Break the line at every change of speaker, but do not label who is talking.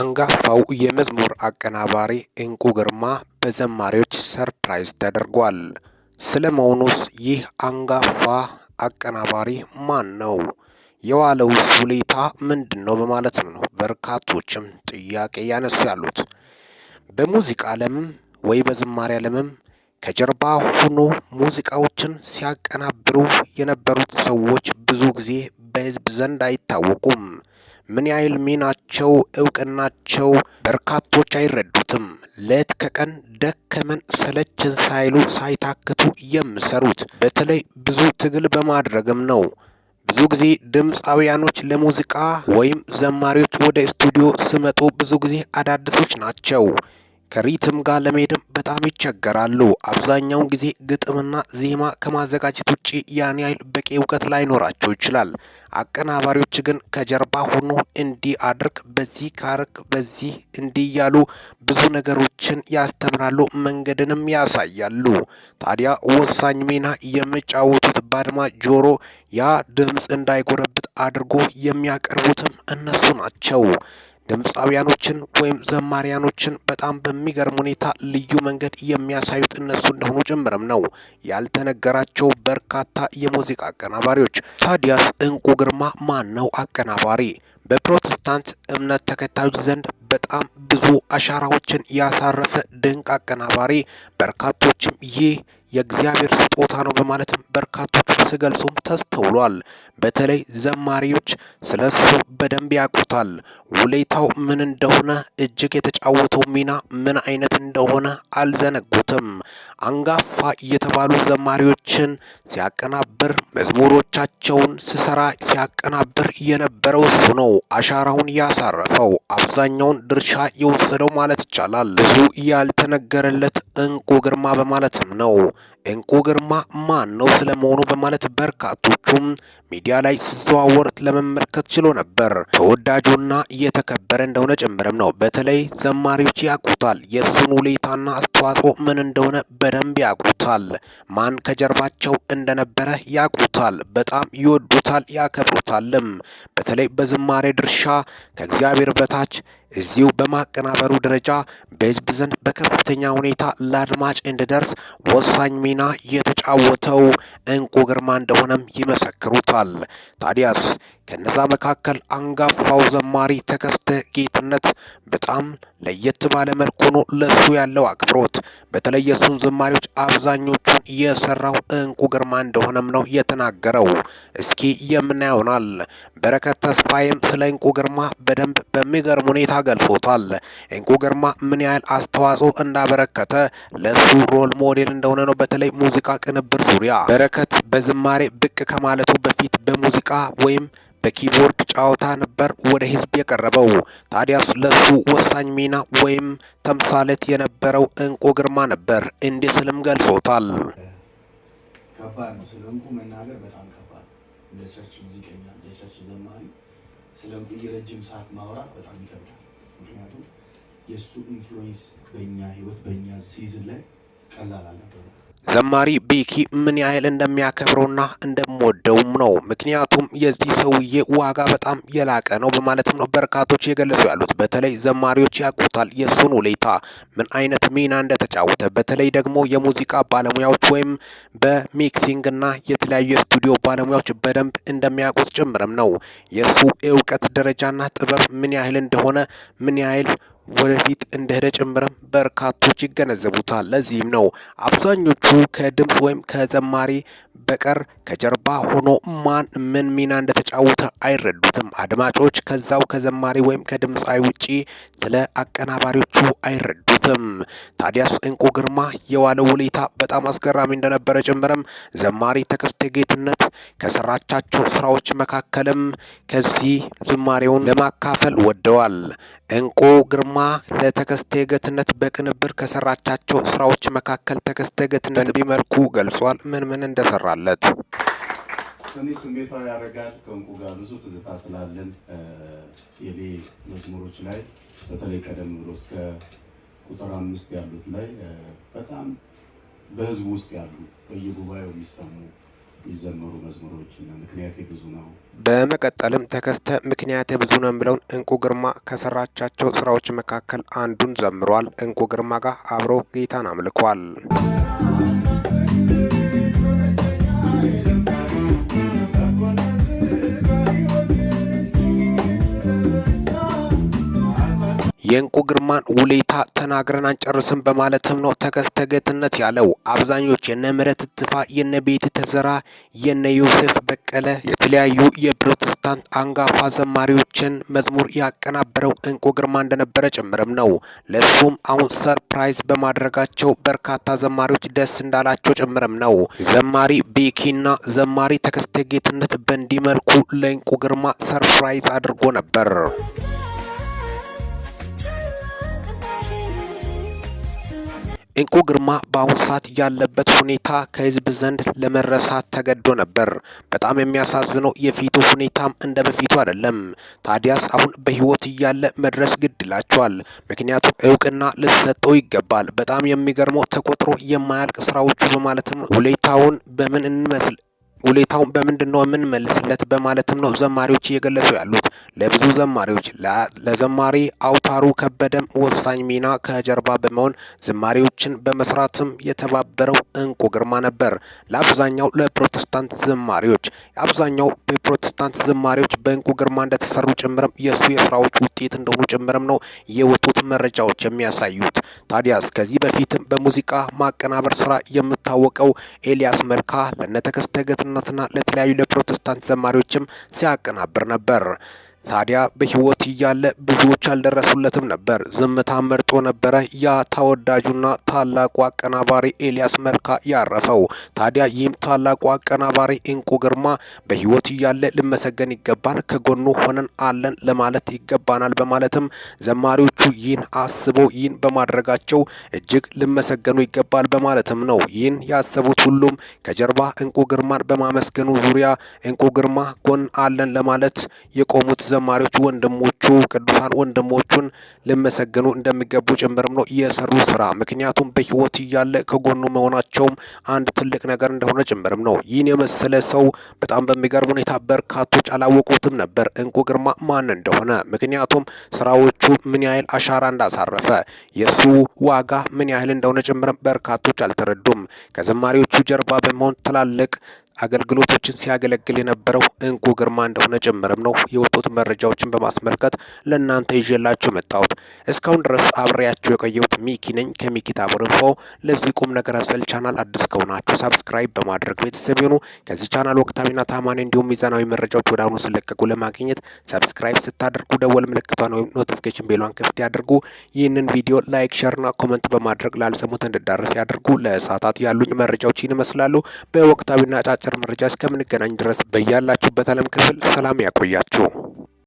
አንጋፋው የመዝሙር አቀናባሪ እንቁ ግርማ በዘማሪዎች ሰርፕራይዝ ተደርጓል። ስለመሆኑስ ይህ አንጋፋ አቀናባሪ ማን ነው? የዋለውስ ሁሌታ ምንድን ነው? በማለት ነው በርካቶችም ጥያቄ ያነሱ ያሉት። በሙዚቃ ዓለምም ወይ በዝማሬ ዓለምም ከጀርባ ሆኖ ሙዚቃዎችን ሲያቀናብሩ የነበሩት ሰዎች ብዙ ጊዜ በህዝብ ዘንድ አይታወቁም። ምን ያህል ሚናቸው እውቅናቸው በርካቶች አይረዱትም። ሌት ከቀን ደከመን ሰለችን ሳይሉ ሳይታክቱ የሚሰሩት በተለይ ብዙ ትግል በማድረግም ነው። ብዙ ጊዜ ድምፃውያኖች ለሙዚቃ ወይም ዘማሪዎች ወደ ስቱዲዮ ስመጡ ብዙ ጊዜ አዳዲሶች ናቸው። ከሪትም ጋር ለመሄድም በጣም ይቸገራሉ። አብዛኛውን ጊዜ ግጥምና ዜማ ከማዘጋጀት ውጭ ያን ያህል በቂ እውቀት ላይኖራቸው ይችላል። አቀናባሪዎች ግን ከጀርባ ሆኖ እንዲህ አድርግ፣ በዚህ ካርክ፣ በዚህ እንዲህ እያሉ ብዙ ነገሮችን ያስተምራሉ፣ መንገድንም ያሳያሉ። ታዲያ ወሳኝ ሚና የሚጫወቱት በአድማጭ ጆሮ ያ ድምፅ እንዳይጎረብት አድርጎ የሚያቀርቡትም እነሱ ናቸው። ድምፃውያኖችን ወይም ዘማሪያኖችን በጣም በሚገርም ሁኔታ ልዩ መንገድ የሚያሳዩት እነሱ እንደሆኑ ጭምርም ነው ያልተነገራቸው በርካታ የሙዚቃ አቀናባሪዎች። ታዲያስ እንቁ ግርማ ማን ነው አቀናባሪ? በፕሮቴስታንት እምነት ተከታዮች ዘንድ በጣም ብዙ አሻራዎችን ያሳረፈ ድንቅ አቀናባሪ፣ በርካቶችም ይህ የእግዚአብሔር ስጦታ ነው በማለትም በርካቶች ሲገልጹም ተስተውሏል። በተለይ ዘማሪዎች ስለ እሱ በደንብ ያውቁታል። ውለታው ምን እንደሆነ እጅግ የተጫወተው ሚና ምን አይነት እንደሆነ አልዘነጉትም። አንጋፋ የተባሉ ዘማሪዎችን ሲያቀናብር፣ መዝሙሮቻቸውን ሲሰራ ሲያቀናብር የነበረው እሱ ነው። አሻራውን ያሳረፈው አብዛኛውን ድርሻ የወሰደው ማለት ይቻላል። ብዙ ያልተነገረለት እንቁ ግርማ በማለትም ነው። እንቁ ግርማ ማን ነው ስለመሆኑ በማለት በርካቶቹም ሚዲያ ላይ ሲዘዋወር ለመመልከት ችሎ ነበር። ተወዳጁና የተከበረ እንደሆነ ጭምርም ነው። በተለይ ዘማሪዎች ያውቁታል። የእሱን ውለታና አስተዋጽኦ ምን እንደሆነ በደንብ ያውቁታል። ማን ከጀርባቸው እንደነበረ ያውቁታል። በጣም ይወዱታል፣ ያከብሩታልም። በተለይ በዝማሬ ድርሻ ከእግዚአብሔር በታች እዚሁ በማቀናበሩ ደረጃ በህዝብ ዘንድ በከፍተኛ ሁኔታ ለአድማጭ እንድደርስ ወሳኝ ሚና የተ የተጫወተው እንቁ ግርማ እንደሆነም ይመሰክሩታል። ታዲያስ ከነዛ መካከል አንጋፋው ዘማሪ ተከስተ ጌትነት በጣም ለየት ባለ መልኩ ነው ለሱ ያለው አክብሮት። በተለይ የሱን ዘማሪዎች አብዛኞቹን የሰራው እንቁ ግርማ እንደሆነም ነው የተናገረው። እስኪ የምናየውናል። በረከት ተስፋዬም ስለ እንቁ ግርማ በደንብ በሚገርም ሁኔታ ገልጾታል። እንቁ ግርማ ምን ያህል አስተዋጽኦ እንዳበረከተ ለሱ ሮል ሞዴል እንደሆነ ነው። በተለይ ሙዚቃ በቅንብር ዙሪያ በረከት በዝማሬ ብቅ ከማለቱ በፊት በሙዚቃ ወይም በኪቦርድ ጨዋታ ነበር ወደ ህዝብ የቀረበው። ታዲያስ ለሱ ወሳኝ ሚና ወይም ተምሳሌት የነበረው እንቁ ግርማ ነበር። እንዲህ ስልም ገልጾታል። ከባድ ነው። ስለ እንቁ መናገር በጣም ከባድ ነው። እንደ ቸርች ሙዚቀኛ፣ እንደ ቸርች ዘማሪ ስለ እንቁ የረጅም ሰዓት ማውራት በጣም ይከብዳል። ምክንያቱም የእሱ ኢንፍሉዌንስ በእኛ ህይወት በእኛ ሲዝን ላይ ቀላል አልነበረም። ዘማሪ ቤኪ ምን ያህል እንደሚያከብረውና እንደምወደውም ነው። ምክንያቱም የዚህ ሰውዬ ዋጋ በጣም የላቀ ነው በማለትም ነው በርካቶች የገለጹ ያሉት። በተለይ ዘማሪዎች ያውቁታል የእሱን ሁኔታ ምን አይነት ሚና እንደተጫወተ፣ በተለይ ደግሞ የሙዚቃ ባለሙያዎች ወይም በሚክሲንግና የተለያዩ የስቱዲዮ ባለሙያዎች በደንብ እንደሚያውቁት ጭምርም ነው የእሱ እውቀት ደረጃና ጥበብ ምን ያህል እንደሆነ ምን ያህል ወደፊት እንደሄደ ጭምርም በርካቶች ይገነዘቡታል። ለዚህም ነው አብዛኞቹ ከድምፅ ወይም ከዘማሪ በቀር ከጀርባ ሆኖ ማን ምን ሚና እንደተጫወተ አይረዱትም። አድማጮች ከዛው ከዘማሪ ወይም ከድምፃዊ ውጪ ስለ አቀናባሪዎቹ አይረዱ አልተሳሳትም። ታዲያስ እንቁ ግርማ የዋለው ውለታ በጣም አስገራሚ እንደነበረ ጭምርም ዘማሪ ተከስተ ጌትነት ከሰራቻቸው ስራዎች መካከልም ከዚህ ዝማሬውን ለማካፈል ወደዋል። እንቁ ግርማ ለተከስተ ጌትነት በቅንብር ከሰራቻቸው ስራዎች መካከል ተከስተ ጌትነት ቢመልኩ ገልጿል። ምን ምን እንደሰራለት ትንሽ ስሜታዊ ያደርጋል። ከእንቁ ጋር ብዙ ትዝታ ስላለን የኔ መዝሙሮች ላይ በተለይ ቀደም ብሎ እስከ ቁጥር አምስት ያሉት ላይ በጣም በህዝቡ ውስጥ ያሉ በየጉባኤው የሚሰሙ የሚዘመሩ ምክንያቴ ብዙ ነው። በመቀጠልም ተከስተ ምክንያቴ ብዙ ነው ብለውን እንቁ ግርማ ከሰራቻቸው ስራዎች መካከል አንዱን ዘምሯል። እንቁ ግርማ ጋር አብሮ ጌታን አምልኳል። የእንቁ ግርማን ውለታ ተናግረን አንጨርስም በማለትም ነው ተከስተ ገትነት ያለው። አብዛኞች የነ ምረት ትፋ፣ የነ ቤት ተዘራ፣ የነ ዮሴፍ በቀለ የተለያዩ የፕሮቴስታንት አንጋፋ ዘማሪዎችን መዝሙር ያቀናበረው እንቁ ግርማ እንደነበረ ጭምርም ነው። ለሱም አሁን ሰርፕራይዝ በማድረጋቸው በርካታ ዘማሪዎች ደስ እንዳላቸው ጭምርም ነው። ዘማሪ ቤኪና ዘማሪ ተከስተ ጌትነት በእንዲህ መልኩ ለእንቁ ግርማ ሰርፕራይዝ አድርጎ ነበር። እንቁ ግርማ በአሁኑ ሰዓት ያለበት ሁኔታ ከህዝብ ዘንድ ለመረሳት ተገዶ ነበር። በጣም የሚያሳዝነው የፊቱ ሁኔታም እንደ በፊቱ አይደለም። ታዲያስ አሁን በህይወት እያለ መድረስ ግድ ይላቸዋል። ምክንያቱም እውቅና ልሰጠው ይገባል። በጣም የሚገርመው ተቆጥሮ የማያልቅ ስራዎቹ በማለትም ሁኔታውን በምን እንመስል ሁኔታውን በምንድን ነው የምንመልስለት በማለትም ነው ዘማሪዎች እየገለጹ ያሉት። ለብዙ ዘማሪዎች ለዘማሪ አውታሩ ከበደም ወሳኝ ሚና ከጀርባ በመሆን ዝማሪዎችን በመስራትም የተባበረው እንቁ ግርማ ነበር። ለአብዛኛው ለፕሮቴስታንት ዘማሪዎች አብዛኛው የፕሮቴስታንት ዘማሪዎች በእንቁ ግርማ እንደተሰሩ ጭምርም የእሱ የስራዎች ውጤት እንደሆኑ ጭምርም ነው የወጡት መረጃዎች የሚያሳዩት። ታዲያስ ከዚህ በፊትም በሙዚቃ ማቀናበር ስራ የምታወቀው ኤልያስ መልካ ለነተከስተገት ለዲያቆናትና ለተለያዩ ለፕሮቴስታንት ዘማሪዎችም ሲያቀናብር ነበር። ታዲያ በህይወት እያለ ብዙዎች አልደረሱለትም ነበር። ዝምታ መርጦ ነበረ ያ ተወዳጁና ታላቁ አቀናባሪ ኤልያስ መልካ ያረፈው። ታዲያ ይህም ታላቁ አቀናባሪ እንቁ ግርማ በህይወት እያለ ልመሰገን ይገባል፣ ከጎኑ ሆነን አለን ለማለት ይገባናል በማለትም ዘማሪዎቹ ይህን አስበው ይህን በማድረጋቸው እጅግ ልመሰገኑ ይገባል በማለትም ነው ይህን ያሰቡት። ሁሉም ከጀርባ እንቁ ግርማን በማመስገኑ ዙሪያ እንቁ ግርማ ጎን አለን ለማለት የቆሙት ዘማሪዎቹ ወንድሞቹ ቅዱሳን ወንድሞቹን ሊመሰገኑ እንደሚገቡ ጭምርም ነው የሰሩ ስራ። ምክንያቱም በህይወት እያለ ከጎኑ መሆናቸውም አንድ ትልቅ ነገር እንደሆነ ጭምርም ነው። ይህን የመሰለ ሰው በጣም በሚገርም ሁኔታ በርካቶች አላወቁትም ነበር እንቁ ግርማ ማን እንደሆነ። ምክንያቱም ስራዎቹ ምን ያህል አሻራ እንዳሳረፈ የእሱ ዋጋ ምን ያህል እንደሆነ ጭምርም በርካቶች አልተረዱም። ከዘማሪዎቹ ጀርባ በመሆን ትላልቅ አገልግሎቶችን ሲያገለግል የነበረው እንቁ ግርማ እንደሆነ ጭምርም ነው የወጡት መረጃዎችን በማስመልከት ለእናንተ ይዤላችሁ መጣሁት። እስካሁን ድረስ አብሬያችሁ የቆየሁት ሚኪ ነኝ ከሚኪ ታቦር ኢንፎ። ለዚህ ቁም ነገር አዘል ቻናል አዲስ ከሆናችሁ ሳብስክራይብ በማድረግ ቤተሰብ ይሁኑ። ከዚህ ቻናል ወቅታዊና ታማኒ እንዲሁም ሚዛናዊ መረጃዎች ወደ አሁኑ ስለቀቁ ለማግኘት ሳብስክራይብ ስታደርጉ ደወል ምልክቷን ወይም ኖቲፊኬሽን ቤሏን ክፍት ያድርጉ። ይህንን ቪዲዮ ላይክ፣ ሸርና ኮመንት በማድረግ ላልሰሙት እንድዳረስ ያድርጉ። ለእሳታት ያሉኝ መረጃዎች ይህን ይመስላሉ። በወቅታዊና ጫጭ አጭር መረጃ እስከምንገናኝ ድረስ በያላችሁበት ዓለም ክፍል ሰላም ያቆያችሁ።